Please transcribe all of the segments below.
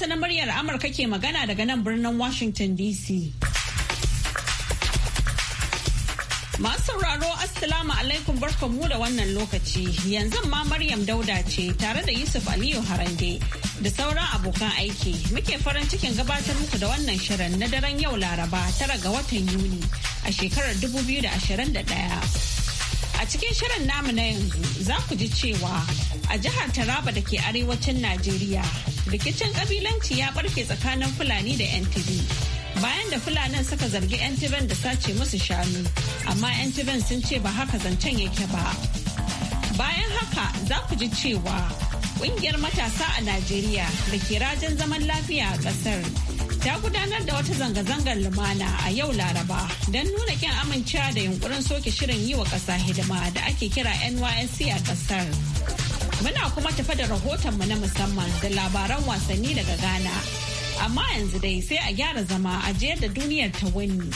Hausa na muryar Amurka ke magana daga nan birnin Washington DC. Masu sauraro Assalamu alaikum barkamu da wannan lokaci yanzu ma Maryam Dauda ce tare da Yusuf Aliyu Harande da sauran abokan aiki muke farin cikin gabatar muku da wannan shirin na daren yau Laraba tara ga watan Yuni a shekarar 2021. A cikin shirin namu na yanzu za ku ji cewa a jihar Taraba da ke arewacin Najeriya rikicin kabilanci ya barke tsakanin fulani da 'yan tibi bayan da fulanin suka zargi 'yan da sace musu shanu amma 'yan sun ce ba haka zancen yake ba bayan haka za ku ji cewa kungiyar matasa a najeriya da ke rajin zaman lafiya a kasar ta gudanar da wata zanga-zangar lumana a yau laraba don nuna kyan amincewa da yunkurin soke shirin yi wa ƙasa hidima da ake kira nysc a ƙasar Muna kuma tafa da rahoton mu na musamman da labaran wasanni daga Ghana. Amma yanzu dai sai a gyara zama a jiyar da duniyar ta wani.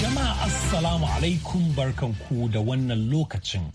Jama'a Assalamu alaikum barkanku da wannan lokacin.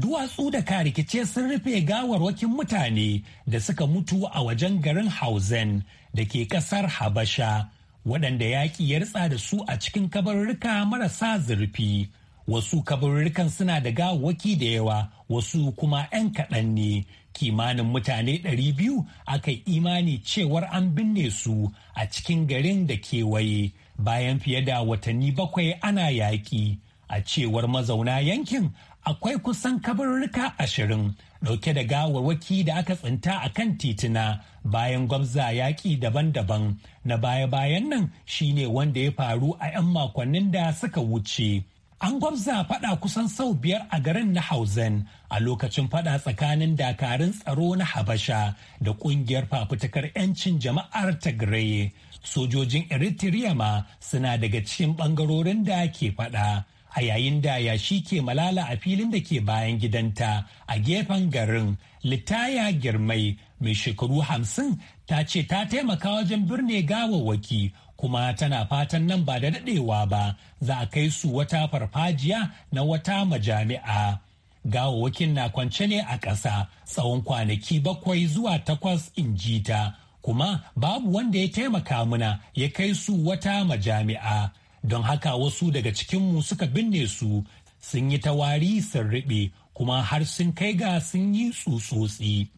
Duwatsu da karikice sun rufe gawarwakin mutane da suka mutu a wajen garin Hausen da ke kasar Habasha, waɗanda yaƙi ya ritsa da su a cikin kabarurruka marasa zurfi. wasu kabarurrukan suna da gawaki da yawa wasu kuma 'yan kaɗan ne kimanin mutane biyu aka yi imani cewar an binne su a cikin garin da kewaye bayan fiye da watanni bakwai ana yaƙi a cewar mazauna yankin akwai kusan kabarurruka ashirin ɗauke da gawarwaki da aka tsinta a kan titina bayan gwamza yaƙi daban-daban na baya-bayan nan shine wanda ya faru a 'yan makonnin da suka wuce. An gwabza fada kusan sau biyar a garin na Hausen a lokacin fada tsakanin dakarun tsaro na Habasha da kungiyar fafutukar 'yancin jama'ar Tigray. Sojojin Eritrea ma suna daga cikin bangarorin da ke fada a yayin da yashi ke malala a filin da ke bayan gidanta a gefen garin Litaya Girmai mai shekaru hamsin ta ce ta taimaka wajen birne gawawwaki kuma tana fatan nan ba da daɗewa ba za a kai su wata farfajiya na wata majami'a. Gawawakin na kwance ne a ƙasa tsawon kwanaki bakwai zuwa takwas in ji ta, kuma babu wanda ya taimaka muna ya kai su wata majami'a. Don haka wasu daga cikinmu suka binne su sun yi tawari sun riɓe kuma har sun kai ga sun yi tsutsotsi.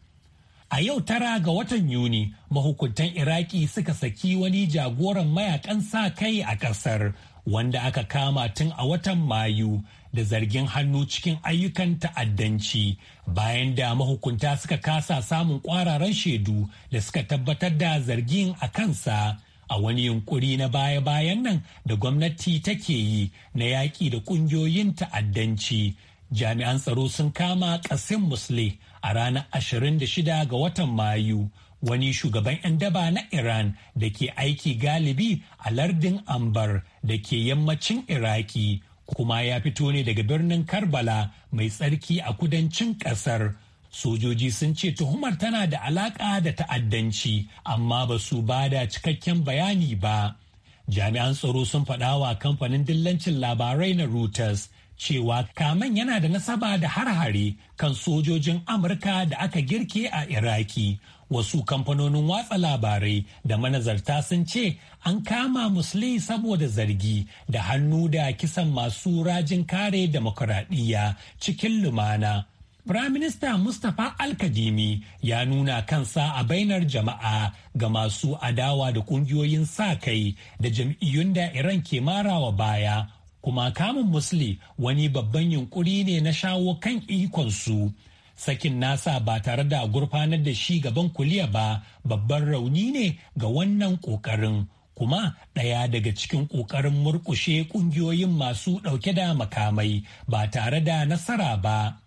A yau tara ga watan Yuni, mahukuntan Iraki suka saki wani jagoran mayakan sa kai a ƙasar, wanda aka kama tun a watan Mayu da zargin hannu cikin ayyukan ta'addanci, bayan da mahukunta suka kasa samun ƙwararan shaidu da suka tabbatar da zargin a kansa. A wani yunkuri na baya-bayan nan da gwamnati take yi na yaƙi da ƙungiyoyin ta'addanci, jami'an tsaro sun kama ƙasin Musle. a ranar 26 ga watan Mayu wani shugaban 'yan daba na Iran da ke aiki galibi a lardin Ambar da ke yammacin Iraki kuma ya fito ne daga birnin Karbala mai tsarki a kudancin ƙasar. Sojoji sun ce tuhumar tana da alaƙa da ta'addanci amma ba su ba da cikakken bayani ba. Jami'an tsaro sun faɗawa kamfanin dillancin labarai na Reuters cewa kamen yana da nasaba da har kan sojojin amurka da aka girke a iraki wasu kamfanonin watsa labarai da manazarta sun ce an kama musli saboda zargi da hannu da kisan masu rajin kare demokuraɗiyya cikin lumana Firaminista Mustapha Alkadimi ya nuna kansa a bainar jama'a ga masu adawa da kungiyoyin sa-kai da jam'iyyun da Iran ke marawa baya kuma kamun musli wani babban yunkuri ne na shawo kan ikonsu sakin nasa ba tare da gurfanar da shi gaban kuliya ba babban rauni ne ga wannan ƙoƙarin kuma ɗaya daga cikin ƙoƙarin murƙushe ƙungiyoyin masu ɗauke da makamai ba tare da nasara ba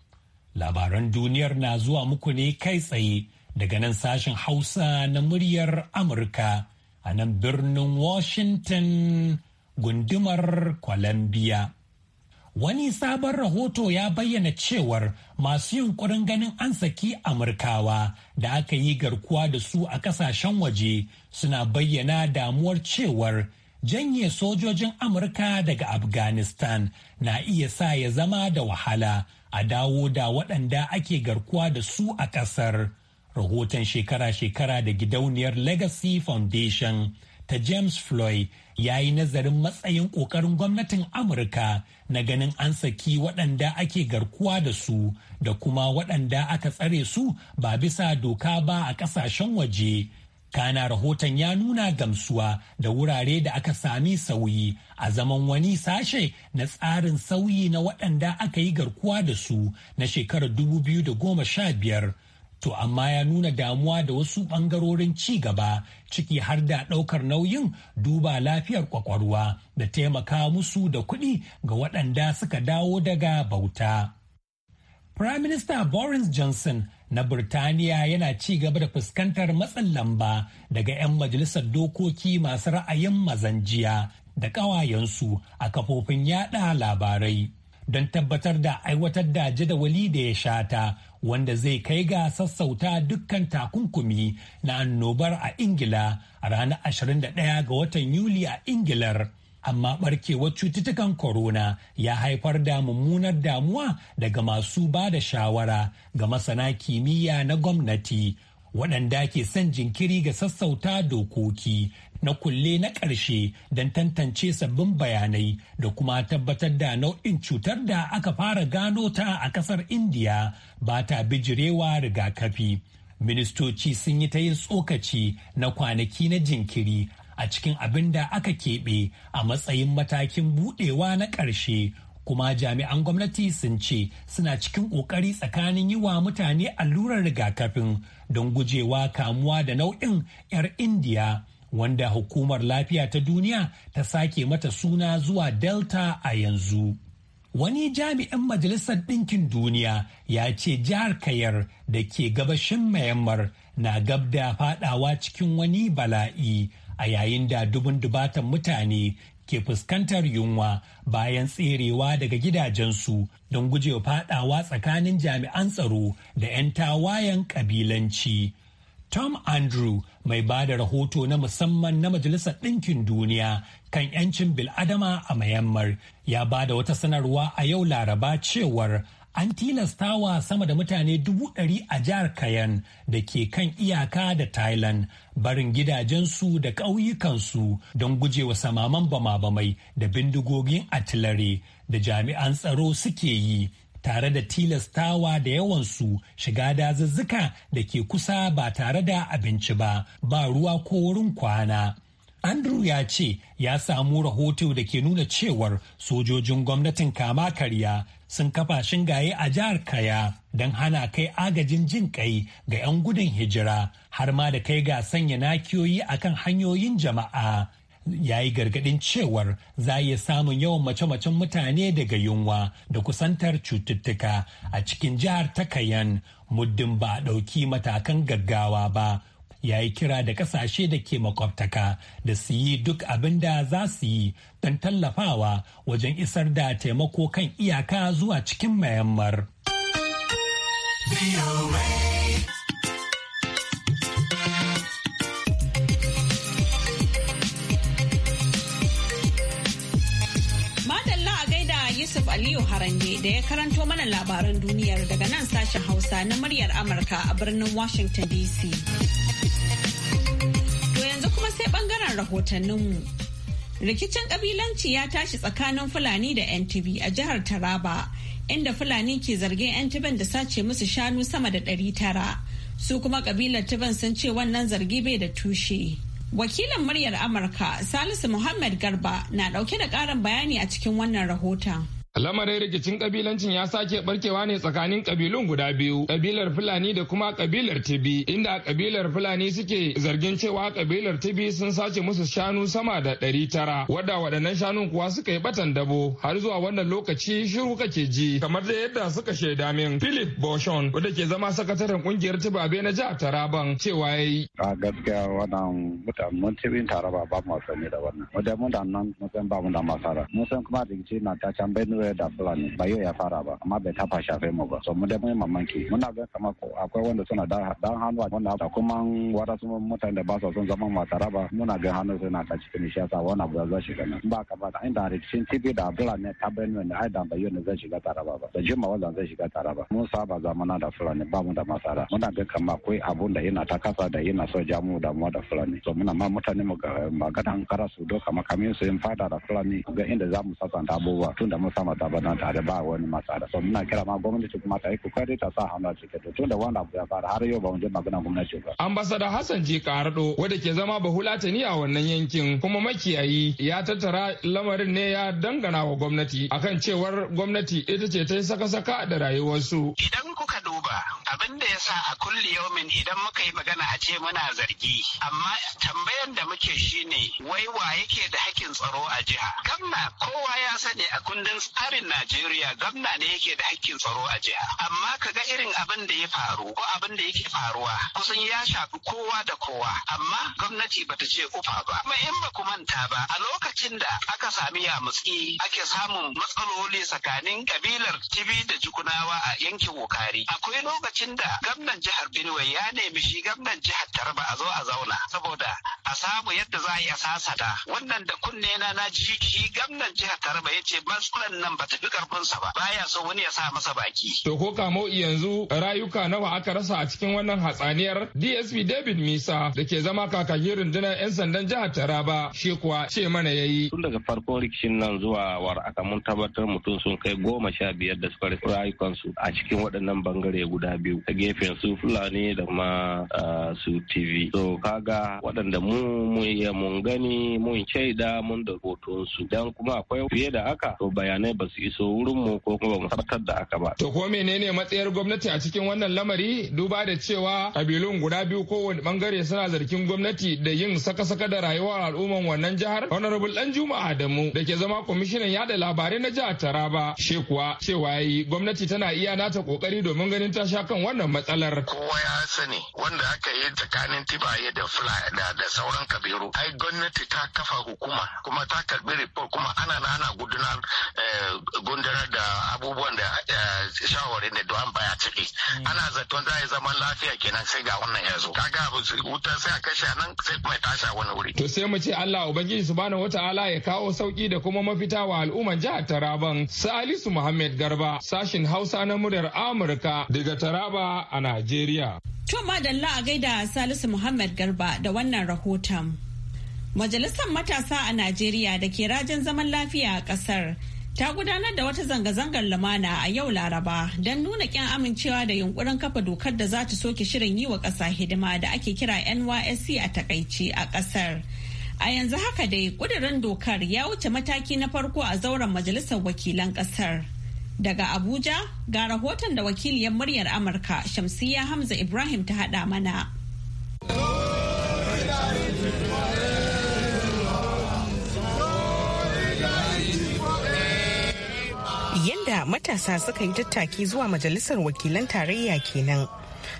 labaran duniyar na zuwa muku ne kai tsaye daga nan sashen hausa na muryar amurka a nan birnin washington gundumar Colombia. Wani sabon rahoto ya bayyana cewar masu yunkurin ganin an saki Amurkawa da aka yi garkuwa da su a kasashen waje suna bayyana damuwar cewar janye sojojin Amurka daga Afghanistan na iya sa ya zama da wahala a dawo da waɗanda ake garkuwa da su a ƙasar. Rahoton shekara-shekara da gidauniyar Legacy Foundation. ta James Floyd ya yi nazarin matsayin ƙoƙarin gwamnatin Amurka na ganin an saki waɗanda ake garkuwa da su da kuma waɗanda aka tsare su ba bisa doka ba a ƙasashen waje. Kana rahoton ya nuna gamsuwa da wurare da aka sami sauyi a zaman wani sashe na tsarin sauyi na waɗanda aka yi garkuwa da su na shekarar 2015. to amma ya nuna damuwa da wasu ɓangarorin ci gaba ciki har da ɗaukar nauyin duba lafiyar kwakwalwa da taimaka musu da kuɗi ga waɗanda suka dawo daga bauta. Prime Minister Boris Johnson na Birtaniya yana ci gaba da fuskantar matsin lamba daga 'yan majalisar dokoki masu ra'ayin mazanjiya da ƙawayensu a kafofin yaɗa labarai don tabbatar da aiwatar da jadawali da ya shata wanda zai kai ga sassauta dukkan takunkumi na annobar a ingila a ranar 21 ga watan yuli a ingilar amma barkewar cututtukan corona ya haifar da mummunar damuwa daga masu ba da shawara ga masana kimiyya na gwamnati waɗanda ke son jinkiri ga sassauta dokoki na kulle na ƙarshe don tantance sabbin bayanai da kuma tabbatar da nau'in cutar da aka fara gano ta a ƙasar indiya ba ta bijirewa rigakafi ministoci sun yi ta yin tsokaci na kwanaki na jinkiri a cikin abin da aka keɓe a matsayin matakin buɗewa na ƙarshe kuma jami'an gwamnati sun ce suna cikin ƙoƙari tsakanin yi wa mutane allurar rigakafin don gujewa kamuwa da nau'in 'yar indiya wanda hukumar lafiya ta duniya ta sake mata suna zuwa delta a yanzu wani jami'in majalisar ɗinkin duniya ya ce jihar kayar da ke gabashin mayammar na gab da fadawa cikin wani bala'i a yayin da dubun dubatan mutane ke fuskantar yunwa bayan tserewa daga gidajensu don gujewa fadawa tsakanin jami'an tsaro da 'yan tawayen kabilanci. Tom Andrew mai ba da rahoto na musamman na Majalisar Ɗinkin Duniya kan 'yancin bil'adama a Myanmar ya ba da wata sanarwa a yau Laraba cewar an tilastawa sama da mutane dubu ɗari a jihar Kayan da ke kan iyaka da Thailand barin gidajensu da ƙauyukansu don gujewa samaman bama-bamai da bindigogin atilare da jami'an tsaro suke yi tare da tilastawa da yawansu shiga dazuzzuka da ke kusa ba tare da abinci ba ba ruwa ko wurin kwana. Andrew ya ce ya samu rahoto da ke nuna cewar sojojin gwamnatin kama karya sun kafa shingaye a jihar Kaya don hana kai agajin jin kai ga 'yan gudun hijira har ma da kai ga sanya nakiyoyi kan hanyoyin jama'a. Ya yi gargadin cewar za iya samun yawan mace-macen mutane daga yunwa da kusantar cututtuka a cikin jihar ta Kayan muddin ba a ɗauki matakan gaggawa ba. ya yi kira da kasashe da ke makwabtaka da su yi duk abin da za su yi don tallafawa wajen isar da taimako kan iyaka zuwa cikin mayammar. Yusuf Aliyu Harande da ya karanto mana labaran duniyar daga nan sashen Hausa na muryar Amurka a birnin Washington DC. sai bangaren rahotanninmu. Rikicin kabilanci ya tashi tsakanin Fulani da 'yan tibi a jihar Taraba, inda Fulani ke zargin 'yan tiban da sace musu shanu sama da ɗari tara. Su kuma kabilar tibin sun ce wannan zargi bai da tushe. Wakilin muryar Amurka Salisu Muhammad Garba na ɗauke da ƙarin bayani a cikin wannan rahoton. Lamarin rikicin kabilancin ya sake barkewa ne tsakanin kabilun guda biyu, kabilar Fulani da kuma kabilar Tibi, inda kabilar Fulani suke zargin cewa kabilar Tibi sun sace musu shanu sama da ɗari tara, wadda waɗannan shanun kuwa suka yi batan dabo har zuwa wannan lokaci shiru kake ji, kamar da yadda suka shaida min Philip Boshon, wadda ke zama sakataren kungiyar Tibabe na jihar Taraban cewa ya yi. A gaskiya wannan mutanen mun Tibin Taraba ba mu sani da wannan, mu da nan mun san ba mu da masara, mun san kuma rikici na ta can bai soja da fulani ba yau ya fara ba amma bai taba shafe mu ba so mu da mun mamaki muna ga kama akwai wanda suna da dan hannu wanda da kuma wata su mutane da ba su son zaman matara ba muna ga hannu suna ta cikin shi yasa wannan ba za shiga nan ba ka ba da inda rikicin tibi da fulani ta bayyana ne ai da ba yau ne zai shiga taraba ba da jima wanda zai shiga taraba mun saba zamana da fulani ba mu da masara muna ga kama akwai abun da yana ta kasa da yana so ja mu damuwa da fulani so muna ma mutane mu ga magana an kara su doka makamin su yin fada da fulani ga inda za mu sasanta abubuwa tun da mun sama mata ba nan tare ba wani matsala so muna kira ma gwamnati kuma ta yi kokari ta sa hannu a cikin to tun da wanda abu ya fara har yau ba wajen magana gwamnati ba ambasada Hassan J Kardo wadda ke zama bahulatani a wannan yankin kuma makiyayi ya tattara lamarin ne ya dangana wa gwamnati akan cewar gwamnati ita ce ta yi saka-saka da rayuwarsu idan kuka duba abin da sa a kulli yaumin idan muka yi magana a ce muna zargi amma tambayan da muke shine wai wa yake da hakkin tsaro a jiha gamna kowa ya sani a kundin tsarin Najeriya gamna ne yake da hakkin tsaro a jiha amma kaga irin abin da ya faru ko abin da yake faruwa kusan ya shafi kowa da kowa amma gwamnati bata ce ufa ba kuma in ba ku manta ba a lokacin da aka sami yamutsi ake samun matsaloli tsakanin kabilar tibi da jukunawa a yankin wukari akwai lokacin da gwamnan jihar Benue ya nemi shi gwamnan jihar Taraba a zo a zauna saboda a samu yadda za a yi a sasata wannan da kunne na na ji shi gwamnan jihar Taraba ya ce matsalan nan ta fi karfinsa ba baya so wani ya sa masa baki. To ko kamo yanzu rayuka nawa aka rasa a cikin wannan hatsaniyar DSP David Misa da ke zama kakakin rundunar 'yan sandan jihar Taraba shi kuwa ce mana yayi. Tun daga farkon rikicin nan zuwa war aka mun tabbatar mutum sun kai goma sha biyar da suka rasa rayukansu a cikin waɗannan bangare guda biyu ta gefen su Fulani da ma ah, su TV. To kaga waɗanda mu mun gani mun shaida mun da hotonsu dan kuma akwai fiye da haka to bayanai ba su iso wurin mu ko kuma mu tabbatar da haka ba. To ko menene matsayar gwamnati a cikin wannan lamari duba da cewa kabilun guda biyu kowane bangare suna zargin gwamnati da yin saka-saka da rayuwar al'umman wannan jihar Honorable Dan Juma mu da ke zama kwamishinan yada labarai na jihar Taraba shi kuwa cewa yayi gwamnati tana iya nata kokari domin ganin ta sha kan wannan matsalar. Kowa ya sani wanda aka yi tsakanin tibaye da da sauran auren kabiru ai gwamnati ta kafa hukuma kuma ta karbi report kuma ana na ana gudunar eh, gundunar da abubuwan da eh, shawarin da doan baya ciki hmm. ana zato za a zaman lafiya kenan sai ga wannan yanzu kaga wuta sai a kashe nan sai kuma tasha wani wuri to sai mu ce Allah ubangiji subhanahu wataala ya kawo sauki da kuma mafita wa al'umman jihar Taraban Salisu Muhammad Garba sashin Hausa na muryar Amurka daga Taraba a Najeriya To madalla a gaida Salisu Muhammad Garba da wannan rahoton. Majalisar matasa a Najeriya da ke rajin zaman lafiya a ƙasar ta gudanar da wata zanga-zangar lumana a yau Laraba don nuna kyan amincewa da yunkurin kafa dokar da za ta soke shirin yi wa ƙasa hidima da ake kira NYSC a takaici a ƙasar. A yanzu haka dai ƙudurin dokar ya wuce mataki na farko a zauren majalisar wakilan ƙasar. Daga Abuja ga rahoton da wakiliyar muryar Amurka Shamsiyya Hamza Ibrahim ta haɗa mana. Yanda matasa suka yi tattaki zuwa majalisar wakilan tarayya kenan.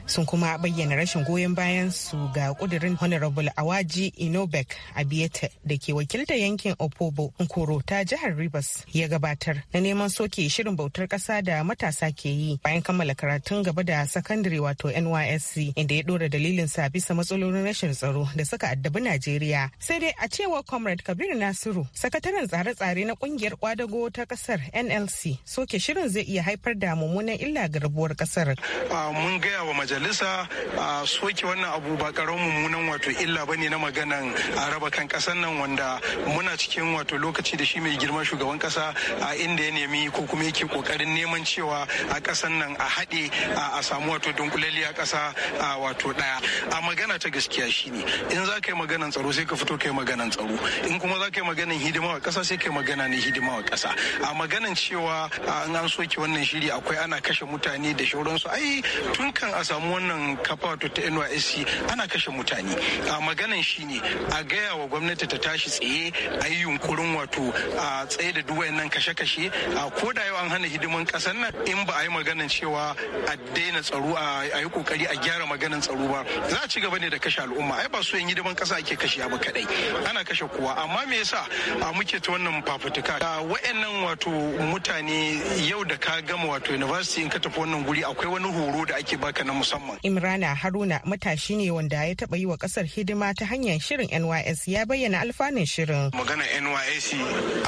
sun kuma bayyana rashin goyon bayan su ga kudirin honorable awaji inobek abiyete da ke wakiltar yankin opobo nkoro ta jihar rivers ya gabatar na neman soke shirin bautar kasa da matasa ke yi bayan kammala karatun gaba da sakandare wato nysc inda ya dora dalilin sa bisa matsalolin rashin tsaro da suka addabi najeriya sai dai a cewa comrade kabir nasiru sakataren tsare-tsare na kungiyar kwadago ta kasar nlc soke shirin zai iya haifar da mummunan illa ga rabuwar kasar ah, mun gaya wa wa majalisa a soke wannan abu ba karon mummunan wato illa ba ne na maganan a raba kan kasan nan wanda muna cikin wato lokaci da shi mai girma shugaban kasa a inda ya nemi ko kuma yake kokarin neman cewa a kasan nan a haɗe a samu wato dunkulaliya kasa a wato ɗaya a magana ta gaskiya shine in za ka yi maganan tsaro sai ka fito ka yi maganan tsaro in kuma za ka yi maganan hidima wa kasa sai ka yi magana ne hidima wa kasa a maganan cewa an an soke wannan shiri akwai ana kashe mutane da shauransu ai tun kan a samu wannan kafa wato ta nysc ana kashe mutane a maganan shi ne a gaya wa gwamnati ta tashi tsaye a yi yunkurin wato a tsaye da duwa nan kashe-kashe a koda da yau an hana hidiman kasar nan in ba a yi maganan cewa a daina tsaro a yi kokari a gyara maganan tsaro ba za a ci gaba ne da kashe al'umma ai ba su yin hidiman kasa ake kashe ba kadai ana kashe kowa amma me yasa a muke ta wannan fafutuka wa'annan wato mutane yau da ka gama wato university in ka tafi wannan guri akwai wani horo da ake baka na na musamman. Imrana Haruna matashi ne wanda ya taba yi wa kasar hidima ta hanyar shirin NYS ya bayyana alfanun shirin. Magana NYS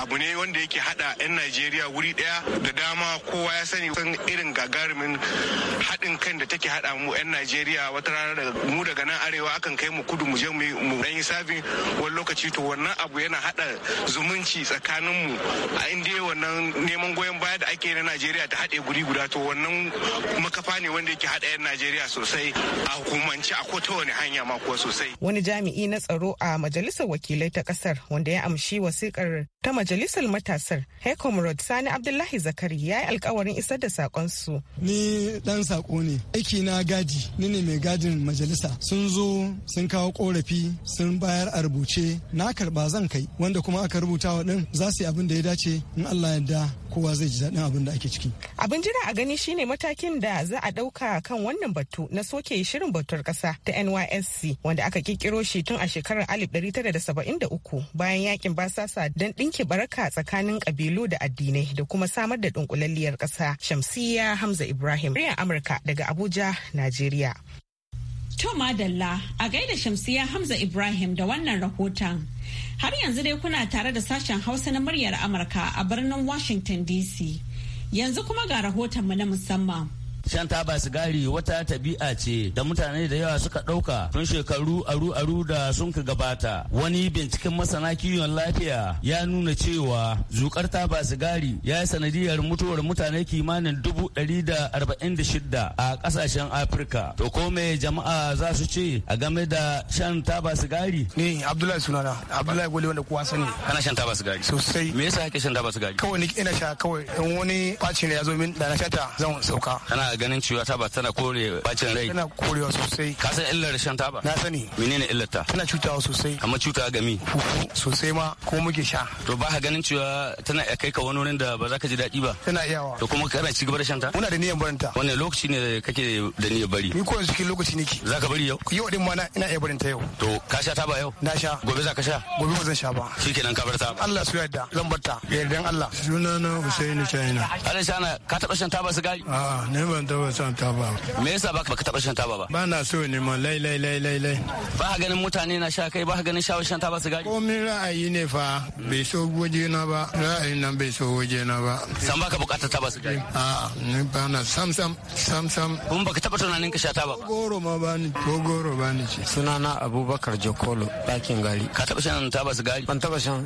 abu ne wanda yake hada 'yan Najeriya wuri daya da dama kowa ya sani san irin gagarumin haɗin kan da take hada mu 'yan Najeriya wata rana daga mu daga nan arewa akan kai mu kudu mu je mu dan yi sabin wani lokaci to wannan abu yana hada zumunci tsakanin mu a inda wannan neman goyon baya da ake na Najeriya ta hade guri guda to wannan makafa ne wanda yake hada 'yan Najeriya sosai a hukumance a wani hanya ma kuwa sosai. Wani jami'i na tsaro a majalisar wakilai ta kasar wanda ya amshi wasikar ta majalisar matasar Hekomrod Sani Abdullahi Zakari ya yi alkawarin isar da sakon su. Ni dan sako ne aiki na gadi ni ne mai gadin majalisa sun zo sun kawo korafi sun bayar a rubuce na karba zan kai wanda kuma aka rubuta wa din za su yi abin da ya dace in Allah yarda kowa zai ji daɗin abin da ake ciki. Abin jira a gani shine matakin da za a ɗauka kan wannan wannan batu na soke shirin batun kasa ta NYSC wanda aka kikiro shi tun a shekarar 1973 bayan yakin basasa don ɗinki baraka tsakanin kabilu da addinai da kuma samar da dunkulalliyar kasa Shamsiya Hamza Ibrahim, Riyar Amurka daga Abuja, Najeriya. To Madalla a gaida Shamsiya Hamza Ibrahim da wannan rahoton. Har yanzu dai kuna tare da sashen Hausa na muryar Amurka a birnin Washington DC. Yanzu kuma ga rahoton mu na musamman. Shan taba sigari wata tabi'a ce da mutane da yawa suka ɗauka tun shekaru aru-aru da sun ka gabata. Wani binciken masana kiwon lafiya ya nuna cewa zukar taba sigari ya yi sanadiyar mutuwar mutane kimanin dubu dari da arba'in da shidda a kasashen Afirka. To ko me jama'a za su ce a game da shan taba sigari? Ni Abdullahi sunana Abdullahi gole wanda kowa sani. Kana shan taba sigari? Sosai. Me yasa kake shan taba sigari? Kawai ina sha kawai wani faci ne ya zo min da na shata zan sauka. Kana ganin cewa taba tana kore bacin rai tana korewa sosai ka san illar shan taba na sani menene illar ta tana cutawa sosai amma cutawa gami sosai ma ko muke sha to ba ka ganin cewa tana iya kai ka wani wurin da ba za ka ji daɗi ba tana iyawa to kuma kana ci gaba da shan ta muna da niyyar ta. wannan lokaci ne kake da niyyar bari ni ko cikin lokaci nake za ka bari yau yau din ma na ina iya ta yau to ka sha taba yau na sha gobe za ka sha gobe ba zan sha ba shikenan ka bar ta Allah su yarda zan bar ta yardan Allah sunana Husaini China Allah ka taba shan taba sigari a'a ne ban taba shan taba ba. Me yasa baka baka taba shan taba ba? Ba na so ne ma lai lai lai lai lai. Ba ka ganin mutane na sha kai ba ka ganin shawo shan taba sigari. Komai ra'ayi ne fa bai so waje na ba ra'ayin nan bai so waje na ba. San baka bukatar taba sigari. A ni ba na sam sam sam sam. Kun baka taba tunanin ka sha taba ba. Goro ma ba ni ko goro ba ni ce. Sunana Abubakar Jokolo ɗakin gari. Ka taba shan taba sigari? Ban taba shan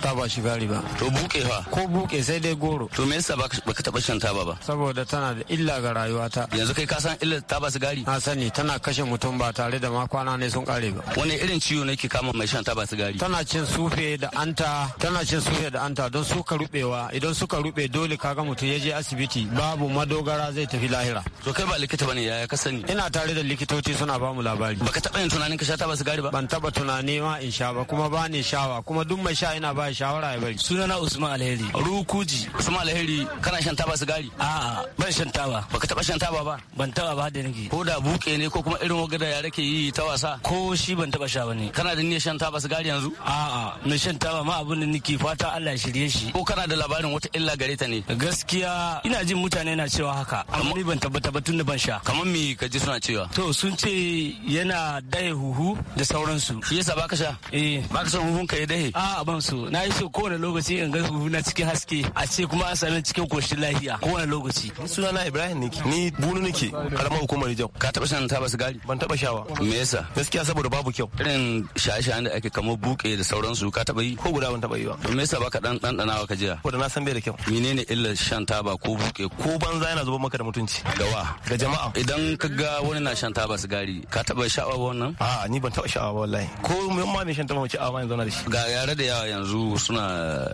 taba sigari ba. To buke fa. Ko buke sai dai goro. To me yasa baka taba shan taba ba? Saboda tana da illa ga rayuwata. Yanzu kai ka san illar taba sigari? Na sani tana kashe mutum ba tare da makwana ne sun kare ba. Wani irin ciwo ne ke kama mai shan taba sigari? Tana cin sufe da anta, tana cin sufe da anta don suka rubewa idan suka rube dole kaga mutum ya je asibiti babu madogara zai tafi lahira. To kai ba likita bane yaya ka sani? Ina tare da likitoci suna ba mu labari. Baka taba yin tunanin ka sha taba sigari ba? Ban taba tunani ma in sha ba kuma ba ne shawa kuma duk mai sha ina ba shawara ya bari. Sunana Usman Alheri. Rukuji. Usman Alheri kana shan taba sigari? A'a ban shan taba. Baka taba shan taba ba ban taba ba da nake ko da buke ne ko kuma irin wagar da yare ke yi ta wasa ko shi ban taba sha bane kana da niyyar shan taba sigari yanzu a'a na shan taba ma abin da nake fata Allah ya shirye shi ko kana da labarin wata illa gare ta ne gaskiya ina jin mutane na cewa haka amma ni ban tabbata ba tunda ban sha kamar me kaji suna cewa to sun ce yana daya huhu da sauransu shi yasa baka sha eh baka son huhun ka ya dahe a'a ban so na yi so kowane lokaci in ga huhu na cikin haske a ce kuma a sanin cikin koshin lafiya kowane lokaci sunana Ibrahim ne ni bunu nake karamar hukumar Rijau. Ka taba shan taba sigari? Ban taba shawa. Me yasa? Gaskiya saboda babu kyau. Irin shaye-shayen da ake kama buke da sauransu ka taba yi? Ko guda ban taba yi ba. Me yasa baka dan ɗanɗanawa ka jiya? Ko da na san bai da kyau. Menene illar shan taba ko buke? Ko banza yana zuba maka da mutunci. Ga wa? Ga jama'a. Idan ka ga wani na shan taba sigari ka taɓa sha'awa wannan? A ni ban taɓa sha'awa wallahi. Ko ma ne shan taba mace a ma zauna da shi. Ga yare da yawa yanzu suna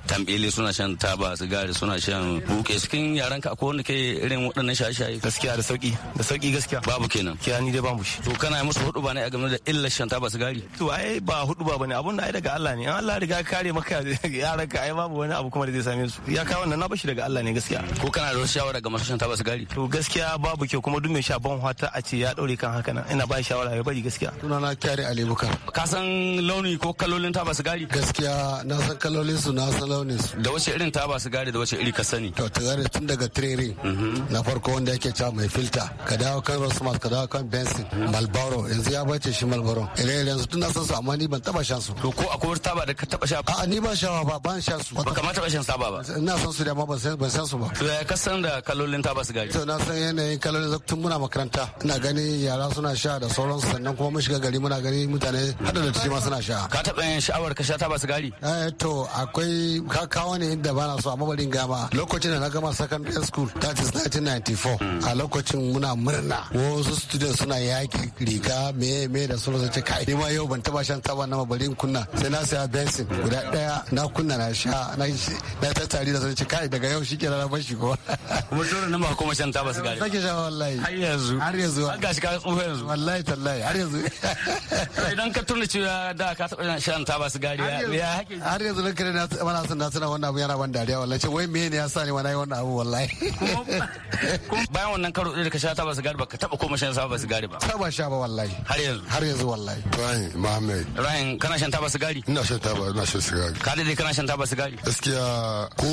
tambele suna shan taba sigari suna shan buke cikin yaran ka akwai wanda ke irin waɗannan shaye shaye gaskiya da sauki da sauki gaskiya babu kenan kiya ni dai ba shi to kana yi musu hudu ba ne a game da illar shan taba sigari to ai ba hudu ba bane abun da ai daga Allah ne an Allah riga kare maka yaran ka ai babu wani abu kuma da zai same su ya kawo wannan na bashi daga Allah ne gaskiya ko kana da shawara ga masu shan taba sigari to gaskiya babu ke kuma duk mai sha ban wata a ce ya daure kan haka nan ina ba shawara ya bari gaskiya kare Ali alebukar ka san launi ko kalolin taba sigari gaskiya na san kalolin su na san launin su da wace irin taba sigari da wace iri ka sani to tare tun daga training mhm. na farko wanda ake cewa mai filta ka dawo kan rosmas ka dawo kan benson malboro yanzu ya bace shi malboro ire ire su tun san su amma ni ban taba shan su to ko akwai taba da ka taba sha a ni ban sha ba ban sha su ba ka ma taba shan taba ba ina san su da amma ban san ban san su ba to ya ka san da kalolin taba gari to na san yanayin kalolin tun muna makaranta ina gani yara suna sha da sauransu sannan kuma mun shiga gari muna gani mutane hada da ma suna sha ka taba yin sha'awar ka sha taba gari eh to akwai ka kawo ne inda bana so amma bari gama lokacin da na gama secondary school that is 1994 a lokacin muna murna wasu students suna yaki riga me me da sun zace kai ni ma yau ban taba shan taba na mabarin kunna sai na saya bensin guda daya na kunna na sha na na ta tari da sun ce kai daga yau shi kenan na bar shi kuma kuma dole na ma kuma shan taba su gari sake sha wallahi har yanzu har yanzu ga shi ka tsufa yanzu wallahi tallahi har yanzu idan ka tuna cewa da ka taba shan taba su gari ya har yanzu na kare na mana san na tuna wannan abu yana ban dariya wallahi ce wai me ne ya sa ni wani wannan abu wallahi bayan wannan karo da ka sha taba sigari ba ka taba koma shan taba sigari ba taba sha ba wallahi har yanzu har yanzu wallahi rahim Muhammad rahim kana shan taba sigari ina shan taba ina shan sigari ka dai kana shan taba sigari gaskiya ko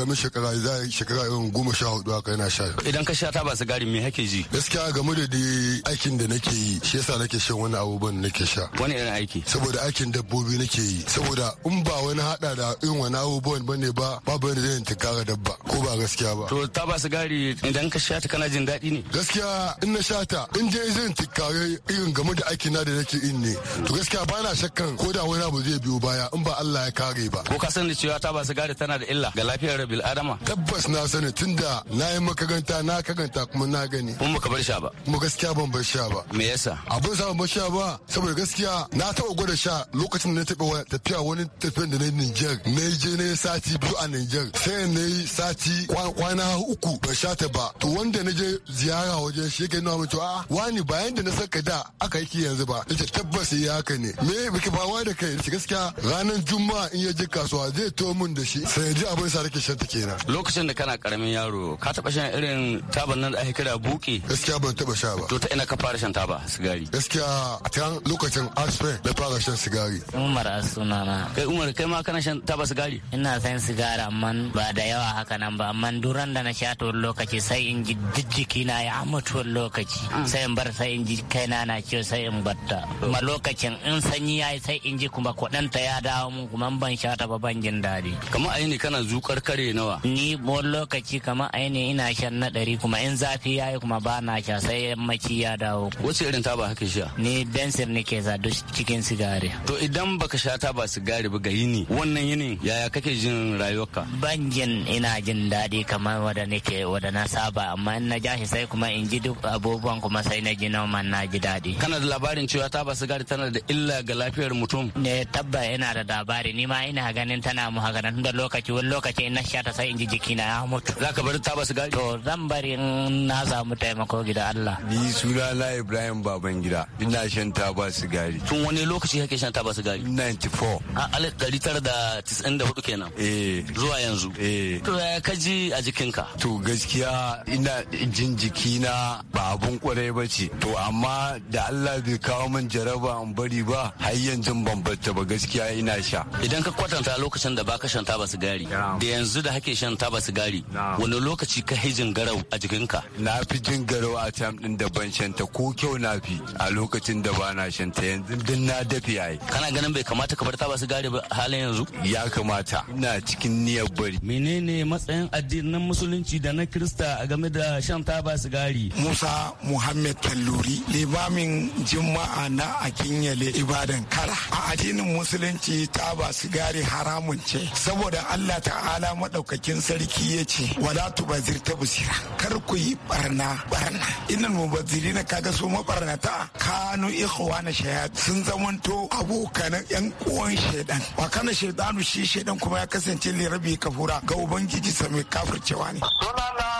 ramin shekara za shekara irin goma sha hudu haka yana sha idan ka sha taba sigari me kake ji gaskiya game da dai aikin da nake yi shi yasa nake shan wani abubuwan nake sha wani irin aiki saboda aikin dabbobi nake yi saboda in ba wani hada da irin wani abubuwan bane ba babu yadda zan tinkara dabba ko ba gaskiya ba to taba sigari idan ka sha kana jin daɗi ne gaskiya in na sha ta in je zan tikkare irin game da aiki na da nake in ne to gaskiya ba na shakkan ko da wani abu zai biyo baya in ba Allah ya kare ba ko ka sani cewa ta ba sigari tana da illa ga lafiyar rabil adama tabbas na sani tunda na yi makaranta na karanta kuma na gani kuma baka bar sha ba kuma gaskiya ban bar sha ba me yasa abin sa ban bar sha ba saboda gaskiya na taɓa gwada sha lokacin da na taɓa tafiya wani tafiyan da na yi Niger na je na sati biyu a Niger sai na yi sati kwana uku ban sha ta ba to wanda na je ziyara wajen shi ke nuna min cewa ah, wani bayan da na saka da aka yi yanzu ba yace tabbas ya eh, haka ne me biki ba wai da kai shi gaskiya ranar juma'a in ya je kasuwa zai to mun da shi sai ji abin sa rake shanta kenan lokacin da kana karamin yaro ka taba shan irin taban nan da ake kira buke gaskiya ban taba sha ba to ta ina ka fara shan taba sigari gaskiya a can lokacin aspirin da fara shan sigari umar sunana kai umar kai ma kana shan taba sigari ina san sigara amma ba da yawa haka nan ba amma duran da na sha to lokaci sai in ji jiki na ya mutu lokaci mm. sai in bar sai in ji kaina na ciwo sai in batta mm. kuma lokacin in sanyi ya yi sai in ji kuma ta ya dawo mun kuma ban sha ta ba ban jin daɗi. kamar aini kana zukar kare nawa. ni wani lokaci kamar aini ina shan na ɗari kuma in zafi ya yi kuma ba na sha sai yammaci ya dawo. wace irin taba haka sha. ni bensir nake za duk cikin sigari. to idan baka sha taba sigari ba ga yini wannan yini yaya kake jin rayuwarka. ban jin ina jin daɗi kamar wada nake wada na saba amma in na shi sai kuma in ji duk abubuwan kuma sai na ji noman na ji daɗi. Kana da labarin cewa taba sigari tana da illa ga lafiyar mutum? Ne tabba ina da labari ni ma ina ganin tana mu hagana tun da lokaci wani lokaci in na sha ta sai in ji jikina ya mutu. Za ka bari taba sigari? To zan bari in na samu taimako gida Allah. Ni suna na Ibrahim Baban gida ina shan taba sigari. Tun wani lokaci kake shan taba sigari? 94. A alif ɗari tara da tis'in da hudu kenan. Eh. Zuwa yanzu. Eh. To ya kaji a jikinka? To gaskiya in ina jin na ba abun kwarai ba ce to amma da Allah bai kawo min jaraba in bari ba har yanzu ban bata ba gaskiya ina sha idan ka kwatanta lokacin da baka shan taba sigari da yanzu da hake shan taba sigari wani lokaci ka jin garau a jikinka na fi jin garau a tam din da ban shanta ko kyau na fi a lokacin da ba na shanta yanzu din na dafi yayi kana ganin bai kamata ka bar taba sigari ba halin yanzu ya kamata ina cikin niyyar bari menene matsayin addinin musulunci da na kirista a game game da shan taba sigari. Musa Muhammad Talluri limamin Juma'a na Akinyele Ibadan Kara. A addinin Musulunci taba sigari haramun ce saboda Allah ta'ala maɗaukakin sarki ya ce wala tubazir ta busira kar ku yi barna barna. Innal na kaga su mabarnata kanu na shayat sun zamanto abokanan yan uwan shaidan. Wa kana shaidanu shi shaidan kuma ya kasance lirabi kafura ga ubangiji sa mai kafircewa ne. Sunana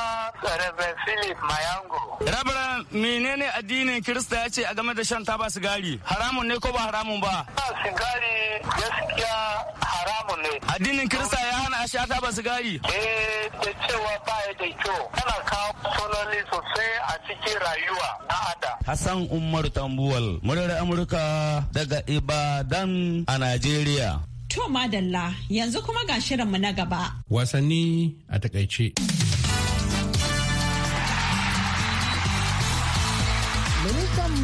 Reverend Philip Mayango. Reverend menene addinin Kirista ya ce a game da shan taba sigari? Haramun ne ko ba haramun ba? sigari gaskiya haramun ne. Addinin Kirista ya hana a sha taba sigari? Eh da cewa ba ya da kyau. Ana kawo sololi sosai a cikin rayuwa na ada. Hassan Umar Tambuwal, muryar Amurka daga Ibadan a Najeriya. To madalla yanzu kuma ga shirinmu na gaba. Wasanni a takaice.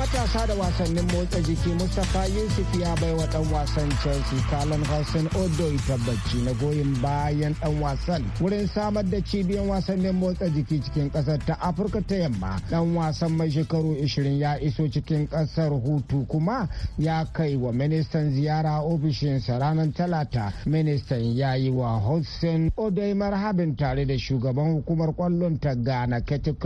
matasa da wasannin motsa jiki mustapha yusuf ya bai wa dan wasan chelsea kalan hassan odoi tabbaci na goyon bayan dan wasan wurin samar da cibiyan wasannin motsa jiki cikin kasar ta afirka ta yamma dan wasan mai shekaru 20 ya iso cikin kasar hutu kuma ya kai wa ministan ziyara ofishinsa ranar talata ministan ya yi wa hussein odoi marhabin tare da shugaban hukumar kwallon ta ghana kati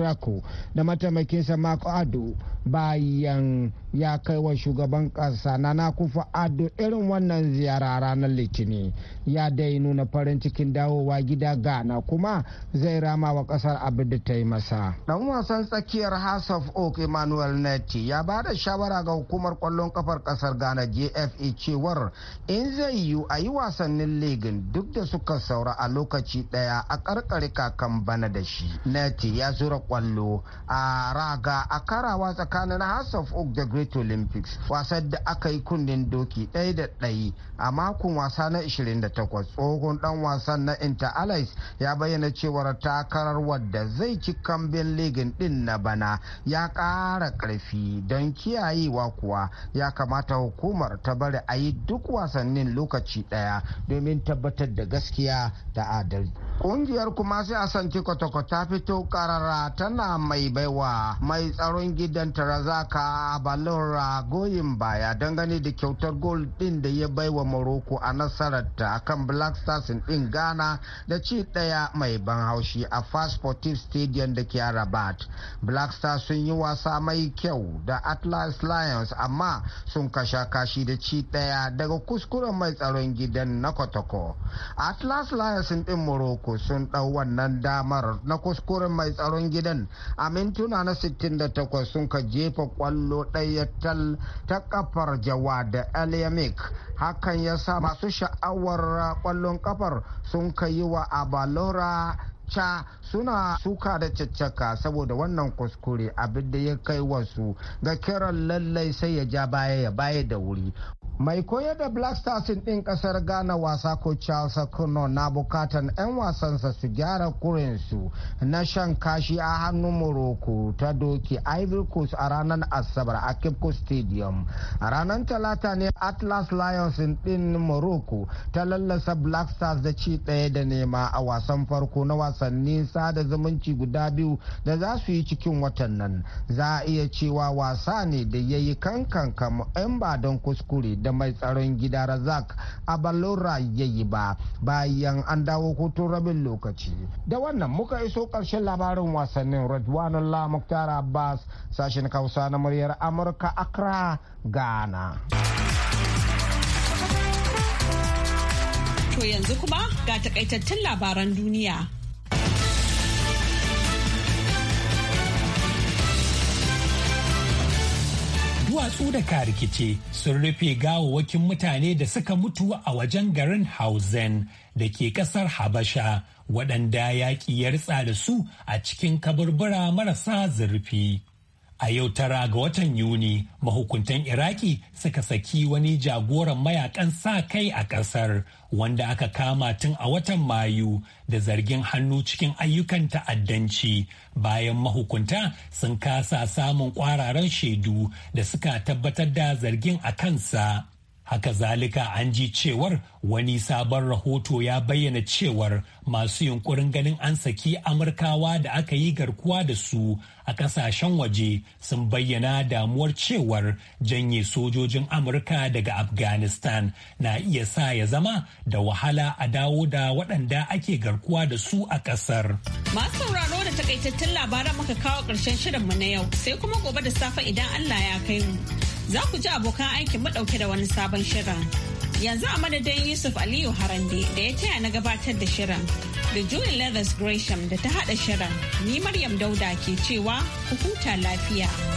da mataimakinsa mark ado bayan ya kai wa shugaban kasa na kufa ado irin wannan ziyara ranar litinin ya dai nuna farin cikin dawowa gida ghana kuma zai rama wa kasar abin da ta yi masa dan wasan tsakiyar house of oak emmanuel neti ya ba da shawara ga hukumar kwallon kafar kasar ghana jfe cewar in zai yiwu a yi wasannin ligin duk da suka saura a lokaci daya a karkare kakan bana da shi neti ya zura kwallo a raga a karawa tsakanin house of oak da great State Olympics wasar da aka yi kundin doki ɗaya da ɗaya a makon wasa na 28 tsohon dan wasan na Inter Allies ya bayyana cewar takarar wadda zai ci kambin ligin din na bana ya ƙara ƙarfi don kiyayewa kuwa ya kamata hukumar ta bari a yi duk wasannin lokaci ɗaya domin tabbatar da gaskiya da adalci. Ƙungiyar kuma sai a santi kwatakwa ta fito ƙarara tana mai baiwa mai tsaron gidan tarazaka a nura ragoyin baya dangane da kyautar gol din da ya baiwa morocco a nasarar nasararta akan black stars din ghana da ci daya mai ban haushi a fast sportive stadium da ke rabat black stars sun yi wasa mai kyau da atlas lions amma sun kasha kashi da ci daya daga kuskuren mai tsaron gidan na kotoko atlas lions din morocco sun dau wannan damar na kuskuren mai tsaron gidan a mintuna na 68 sun ka jefa kwallo ɗaya tal ta kafar jawa da elamic hakan ya sa masu sha'awar kwallon kafar sun kai wa abalora ca suna suka da caccaka saboda wannan kuskure abin da ya kai wasu ga kiran lallai sai ya ja baya ya baya da wuri mai koyar da black stars ɗin ƙasar ghana wasa ko charles kuno na bukatan 'yan wasansa su gyara kurinsu na shan kashi a hannun morocco ta doki ivory coast a ranar asabar a kipco stadium a ranar talata ne atlas lions ɗin morocco ta lallasa black stars da ci ɗaya da nema a wasan farko na wasanni sada zumunci guda biyu da za su yi cikin watan nan za a iya cewa wasa ne da ya yi kankan kam 'yan don kuskure da mai tsaron gida razak balora ya yi ba bayan an dawo hutun rabin lokaci da wannan muka iso karshen labarin wasannin radwanullah muktar abbas sashen kausa na muryar amurka accra ghana To yanzu kuma ga takaitattun labaran duniya. duwatsu da ka rikice sun rufe gawawwakin mutane da suka mutu a wajen garin hausen da ke kasar habasha waɗanda yaƙi ya ritsa da su a cikin kaburbura marasa zurfi A yau tara ga watan Yuni, mahukuntan Iraki suka saki wani jagoran mayakan sa kai a ƙasar wanda aka kama tun a watan Mayu da zargin hannu cikin ayyukan ta'addanci bayan mahukunta sun kasa samun ƙwararan shaidu da suka tabbatar da zargin a kansa. Haka zalika an ji cewar wani sabon rahoto ya bayyana cewar masu yunkurin ganin an saki Amurkawa da aka yi garkuwa da su a kasashen waje sun bayyana damuwar cewar janye sojojin Amurka daga Afghanistan na iya sa ya zama da wahala a dawo da waɗanda ake garkuwa da su a ƙasar. Masu sauraro da takaitattun labaran muka kawo ƙarshen shirinmu na yau sai kuma gobe da safe idan Allah ya kai mu. za ku ji abokan aikin madauke da wani sabon shirin. Yanzu a madadin Yusuf Aliyu Harande da ya taya na gabatar da shirin da Julie Leathers Gresham da ta haɗa shirin, ni Maryam Dauda ke cewa ku huta lafiya.